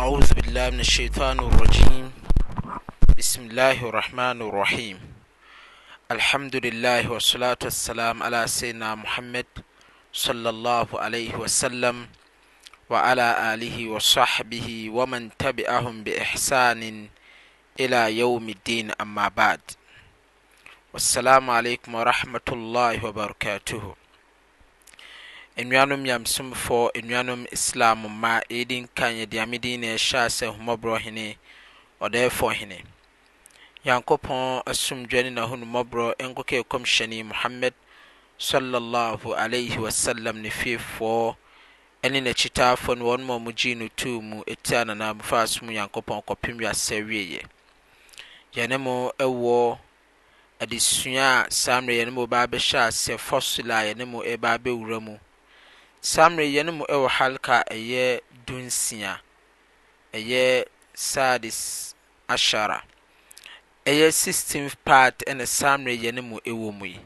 أعوذ بالله من الشيطان الرجيم بسم الله الرحمن الرحيم الحمد لله والصلاة والسلام على سيدنا محمد صلى الله عليه وسلم وعلى آله وصحبه ومن تبعهم بإحسان إلى يوم الدين أما بعد والسلام عليكم ورحمة الله وبركاته nnuanom nyamsomfoɔ nnuanom islam mma yɛdi nkan yɛde ame din na ɛhyɛ sɛ homɔborɔ hene ɔdɛɛfo hene nyankopɔn asomdwa ne n'ahonomɔborɔ nkokɛ kɔmhyɛne muhammad sallallahu alaihi wasallam ne fiefoɔ ɛne n'akyitaafoɔ no wɔn mu a wɔgyee no tuu mu ɛtia nana mfa asom nyankopɔn kɔpem wiasɛ wieɛ yɛne mo ɛwɔ adesua a saa mmerɛ yɛne mo baa bɛhyɛ aseɛ fɔsil a yɛne mo ɛbaa bɛwura mu Samre mmerɛ yɛn mu wɔ halka ɛyɛ dunsia ɛyɛ sadis ashara ɛyɛ sixteen part ɛna samre mmerɛ yɛn mu wɔ mu yi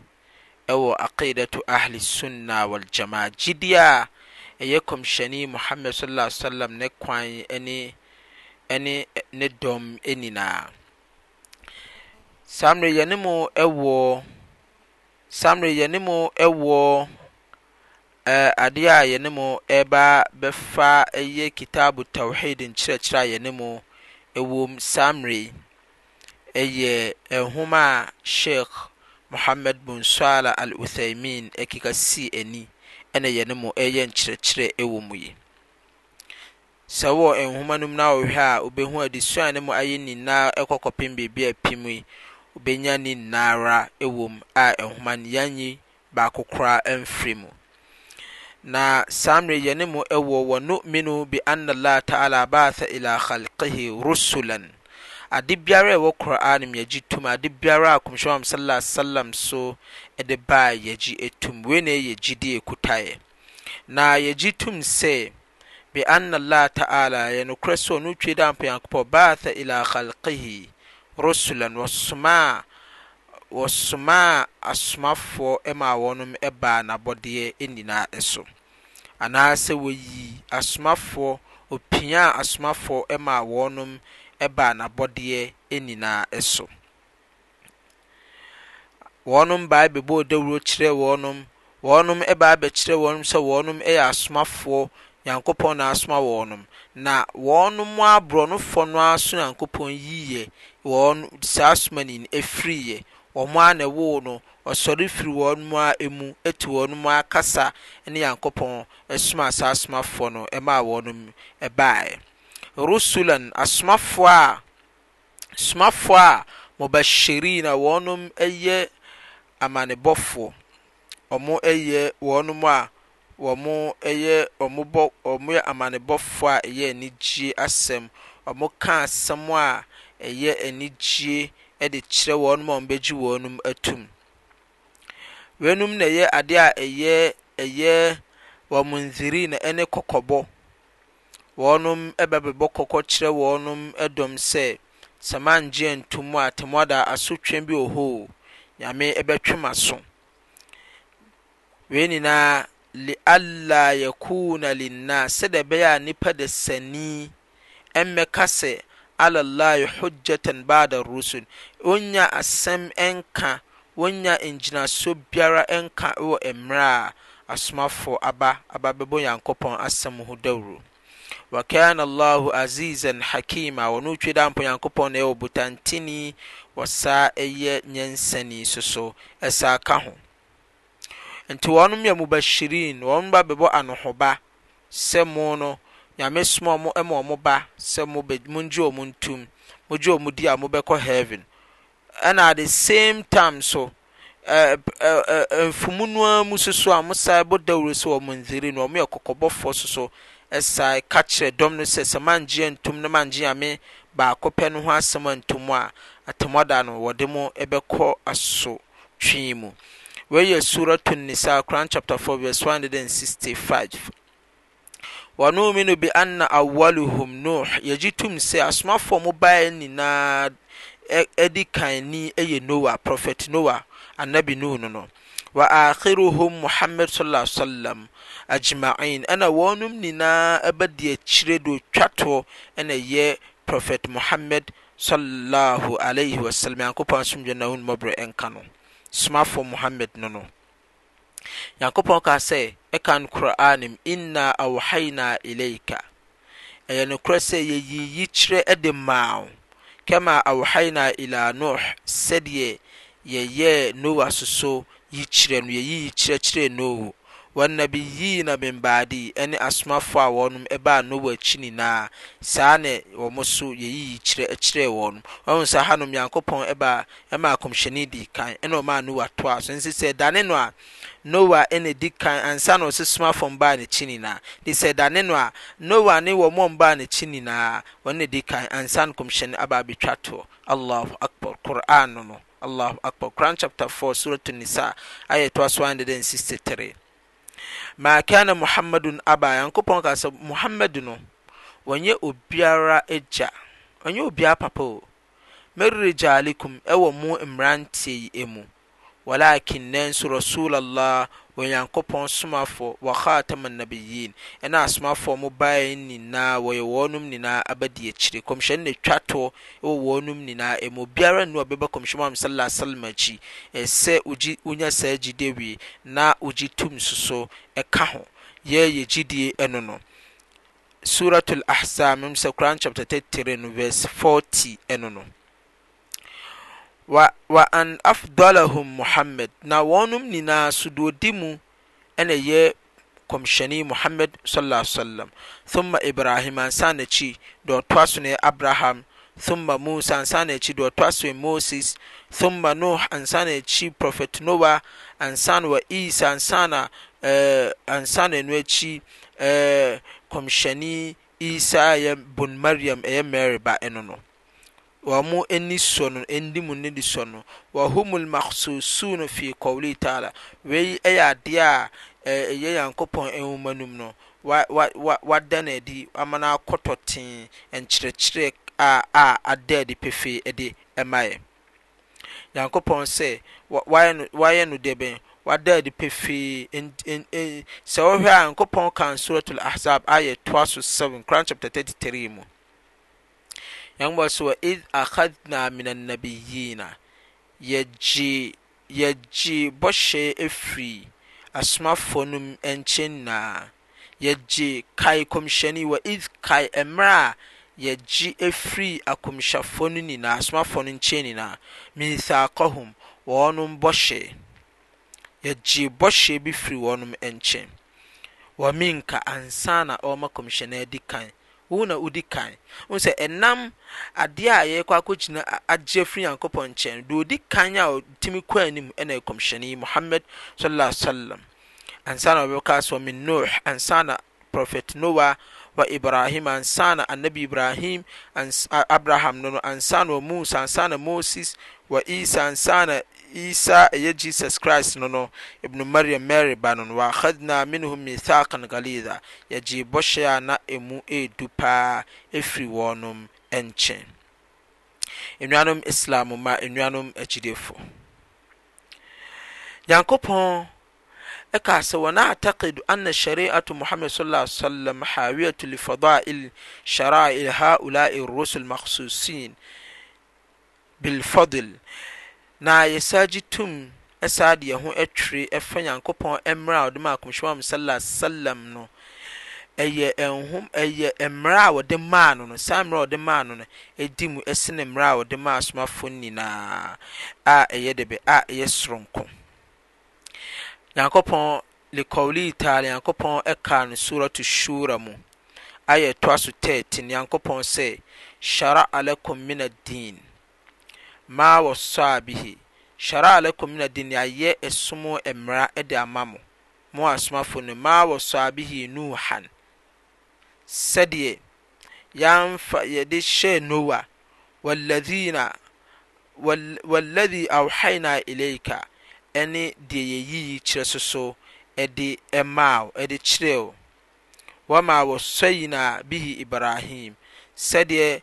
ɛwɔ aqidatu ahli sunna wal jamaa gyidi a ɛyɛ kɔmhyɛni muhammed sallallahu alaihi wasallam ne kwan ɛne ɛne ne dɔm nyinaa saa mmerɛ yɛn mu wɔ saa mmerɛ yɛn mu wɔ ɛɛ adeɛ a yɛne mo ɛreba bɛfa ɛyɛ kitaabu tawhid nkyerɛkyerɛ a yɛne mo ɛwɔ mu saa mmerɛ yi ɛyɛ ɛhoma a sheikh muhammad bin sala al uthaymin ɛkeka si ani ɛna yɛne mo ɛyɛ nkyerɛkyerɛ ɛwɔ mu yi sɛ wɔ nhoma no mu na wɔhwɛ a wobɛhu adesua ne mu ayɛ nyinaa ɛkɔkɔpem biribi a pim yi wobɛnya ne nyinaa ɛwɔ mu a nhoma no yɛanyi baako koraa ɛmfiri mu na saa merɛ yɛne mu ɛwɔ wɔ numinu beanna llah taala batha ila xalkihi rusulan ade biara ɛwɔ kuran mu yɛgye tum ade biara a komsiam saala salam so de baa yɛgye tum weine yɛgyideɛ kutaee na yɛgye tum sɛ bianna llah ta'ala yɛnokorɛ sɛ ɔno twe daampa nyankopɔ batha ila xalkehi rusulan wɔsomaa asomafoɔ ma wɔnom ɛbaa nabɔdeɛ nnyinaa ɛso anaasɛ wɔyi asomafoɔ opia asomafoɔ ɛmaa wɔnom ɛbaa n'abɔdeɛ nyinaa ɛso wɔnom baa bɛbɔɔ dawuro kyerɛɛ wɔnom wɔnom ɛbaa bɛkyerɛ wɔnom sɛ wɔnom ɛyɛ asomafoɔ nyankopɔn na asoma wɔnom na wɔnom aborɔnofo no ara nyankopɔn wɔn saa asoma no wɔn a na ɛwoo no ɔsɔre firi wɔn a mu ɛte wɔn a akasa ne yankopɔn ɛsoma saa asomafoɔ no ɛmaa wɔn mu, ɛbaeɛ rusulan asomafoɔ a asomafoɔ a mobashiri na wɔn ɛyɛ amanebɔfoɔ wɔn ɛyɛ wɔn a wɔn ɛyɛ wɔn bɔ wɔn yɛ amanebɔfoɔ a ɛyɛ anigye asɛm wɔn ka asɛm a ɛyɛ anigye. ɛde kyerɛ wɔnom a wɔ bɛgye wɔ nom atum wenom na ɛyɛ adeɛ a ɛyɛɛyɛ wamunvirie na ɛne kɔkɔbɔ wɔɔnom babbɔ kɔkɔ kyerɛ wɔɔnom dɔm sɛ samangeɛ ntom mu a ti mmoada asotwan bi wɔ ho nyame ɔbɛtwema so wei nyinaa leala yakuuna linnas sɛ de bɛyɛ a nnipa de sani ɛmmɛka sɛ alallahi hujjatan ba'da rusul wonya asɛm ɛnka wonya ngyinaso biara ɛnka wɔ mmerɛ a asomafoɔ aba aba bɛbɔ nyankopɔn asɛm ho dawuro وكان الله عزيزا حكيما ونوتشي دام يانكوبون ne wo butantini wasa eye nyansani soso ɛsa ka ho nti wɔnom yɛ mubashirin wɔn ba bɛbɔ anohoba sɛ mo no nyame soma ɔmo ɛma ɔmo ba sɛ mo bɛ mo ngye ɔmo ntum mo gye ɔmo di a mo bɛkɔ heaven ɛna at the same time so ɛɛ ɛɛ mfumu mu soso a mo saa ɛbɔ dawuro sɛ ɔmo nziri no ɔmo yɛ kɔkɔbɔfoɔ soso ɛsa ɛka kyerɛ dɔm no sɛ sɛ man gye ntum na man gye nyame baako pɛ no ho asɛm a ntum a atemɔda no wɔde mo ɛbɛkɔ aso twi mu wɔyɛ sura tun nisa koran chapter four verse one hundred and sixty five. wanuminu beanna awwaluhum noh yɛgye tum sɛ asomafoɔ mu baɛ nyinaa di kan ni yɛ noa profet noa annabi no no no wa aheruhum muhamad ssam ajmaine ɛna wɔnom nyinaa badiakyire dotwa toɔ na ɛyɛ profɛt mohamad s wsm nyankopɔn asomgyeno hunmberɛ ɛnka no somafoɔ mohamed no no nyankopɔn ka sɛ ɛka no qur'an mu inna awhaina ilaika ɛyɛ nokorɛ sɛ yɛyiyi kyerɛ de maa wo kama awhaina ila noh sɛdeɛ yɛyɛɛ noa soso yi kyerɛ no yɛyiyi kyerɛkyerɛ noo wannabiyina min baadi ɛne asomafoɔ a wɔnom ɛbaa noa akyi nyinaa saa ne wɔn so yɛyiyi kyerɛ kyerɛ wɔn wɔn sa hanom nyankopɔn ɛba ɛma akɔmhyɛni di kan ɛna ɔmaa a noa toa so nsi sɛ dane no a noah ɛna di kan ansa na ɔsi soma fam baa n'akyi nyinaa de sɛ dane no a noah ne wɔn mɔm baa n'akyi nyinaa wɔn na di kan ansa na kɔmhyɛn aba abɛtwa toɔ allahu akbar kur'an no allahu akbar kur'an chapter four surat nisa ayɛ toa so hundred and sixty three kana muhammadu aba yankopɔn ka sɛ muhammadu no wɔnyɛ obiara agya wɔnyɛ obiara papa o mɛrɛ alikum ɛwɔ mu mmeranteɛ yi mu. walakin nanso rasulallah onyankopɔn somafo wa khatama nabiyin ɛna asomafoɔ mo na nyinaa wɔyɛ wɔnom nyinaa abadi akyire kɔmhyɛn na twato toɔ wɔ wɔnom nyinaa ɛmu e biara nnu a bɛba kɔmhyɛn mu sallallahu alaihi wasallam akyi ɛsɛ e ogyi wonya saa gyide wie na ogyi tum soso ɛka e ho yɛyɛ gyidie ɛno no suratul ahzab mmsɛ quran chapter 33 no verse 40 ɛno no wa an afdalahum muhammad na wɔnom nyinaa so deɛ ɔdi mu ɛna yɛ kɔmhyɛne muhammad sallallahu alaihi wasallam thumma ibrahim ansa n'akyi deɛ ɔtoa so no abraham thumma musa ansa n'akyi deɛ ɔtoa so moses thumma nuh ansa n'akyi prophet noah ansa na wa isa ansa na ɛɛ eh, ansa na ɛno akyi ɛɛ kɔmhyɛne eh, isa yɛ bun mariam ɛyɛ mary ba ɛno no. wɔn ani sɔ no mu ne de sɔ no wɔhumul maksusun fi kɔwli taala wei yɛ adeɛ a ɛyɛ yankopɔn e, e, nwoma e no mu no wada no adi ama no akɔtɔ tee nkyerɛkyerɛ a a ada adi pefee de ɛmaeɛ yankopɔn sɛ wayɛ no deɛ bɛn wada adi pefee sɛ wohwɛ a yankopon kan suratul ahzab ayɛ toa so 7 chapter 33 mu yan ba su wa id akhadna minan na ya ji bashe efiri asomafo no ‘yancin na yagye kai kɔmhyɛni wa id kae mmerɛ a yagye efiri akɔmhyɛfo na nyinaa asomafo no nkyɛn nyinaa minsaakɔhom wani bashe yagye bɔhyɛ bi firi wɔn nkyɛn wɔ minka ansa na ɔrema kɔmhyɛni adi kan wo na wodi kan wo sɛ ɛnam adeɛ a yɛkɔ akɔgyina agye firi nyankopɔn nkyɛn deɛ odi kan a ɔtumi kɔ anim ɛna ɛkɔmhyɛne muhammad sallallahu alaihi wasallam ansa na ɔbɛka so min nuh ansa na prophet noah wa ibrahim ansa na annabi ibrahim abraham no no ansa na musa ansa na moses wa isa ansa na isa ɛyɛ jesus christ no no Ibn maryam mary ba no no wahadna minhu mithaqan galida yɛgye bɔhyɛ na ɛmu edupa paa ɛfiri wɔnom nkyɛn nnuanom islam ma nnuanom akyidefo nyankopɔn ɛkaa sɛ wɔ na atakidu anna shariatu muhammad sala sallam hawiyatu lifadail sharail haulai rusul maksusin bilfadil na yɛsa gye tom ɛsa deyɛ ho atwiri ɛfɛ nyankopɔn mmerɛ a wɔde ma a komhwimm salla wasalam no yɛ mmerɛ a wɔde maa no no saa mmerɛ a wɔde maa no no ɛdi mu ɛsine mmerɛ a wɔde maa somafo nnyinaa a ɛyɛ debɛ a ɛyɛ soronko nyankopɔn lecouliitale nyankopɔn can suratu shura mu ayɛ toa so tatin nyankopɔn sɛ shara alacum min addiin ma wɔsɔaa bi hi syaraalakɔmina dineayɛ ɛsom mera de ama mo mu asomafo no ma wɔsɔ a bi hi nohan sɛdeɛ yamfa yɛde hyɛɛ noa wladhi awhai na ilaika ɛne deɛ yɛyiyi kyerɛ soso ɛde maao ɛde kyerɛ o wama wɔsɔiina bihi ibrahim sɛdeɛ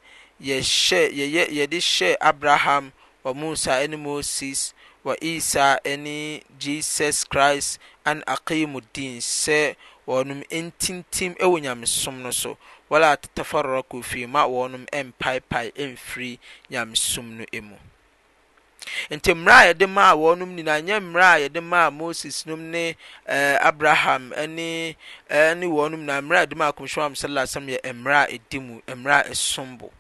yɛhyɛyyɛde hyɛ abraham wɔ musa ne mosis wɔ isa ne jesus christ an akimu din sɛ wɔnom ntintim wɔ nyamesom no so wala tafarako fii ma wɔnom mpaepae mfiri nyamesom no mu nti mmera a yɛde ma a wɔnom nyinaa yɛ mmerɛ a yɛde maa moses nom ne eh, abraham nene eh, eh, wɔnom nyinaa mmerɛ ɛdema a kɔmhi am saala i salam yɛ mmerɛ a ɛdi mu mmerɛsobo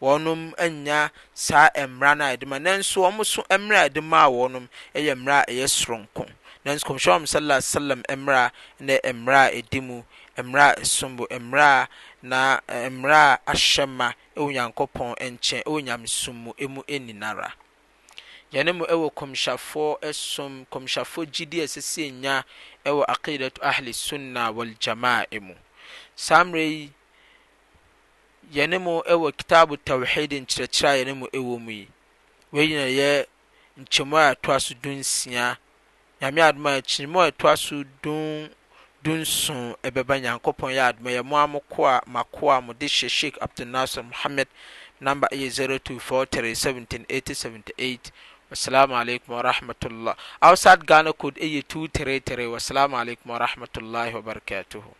wɔnom anya saa ɛmmera no ɛde ma nanso ɔ moso mera a di ma a wɔnom ɛyɛ mmera a ɛyɛ soronko nnso kɔmym saala salm merɛ ne merɛ di mu merɛ asoɛmerɛ a ahyɛ ma wɔ nyankopɔn nkyɛn wɔ nyamsommu mu ninara yɛne m ɛwɔ kɔmyafosom kɔmyafoɔ gyidi a ɛsesɛ nya wɔ akidato ahlessunna waljamaa musaɛy yɛne mu wɔ kitabu tawhid nkyerɛkyerɛ a yɛne mu wɔ mu yi wei na yɛ nkyɛmu a ɛtoa so dunsia nyame adoma nkyɛmu a ɛtoa so dun dunson ɛbɛba nyankopɔn yɛ adoma yɛ mo a mo koa makoa mo de hyɛ sheikh abdulnasir muhammad number ɛyɛ 0243 178078 wassalamu alaikum wa rahmatullah outside ghana code ɛyɛ 233 wassalamu alaikum wa rahmatullahi wa barakatuhu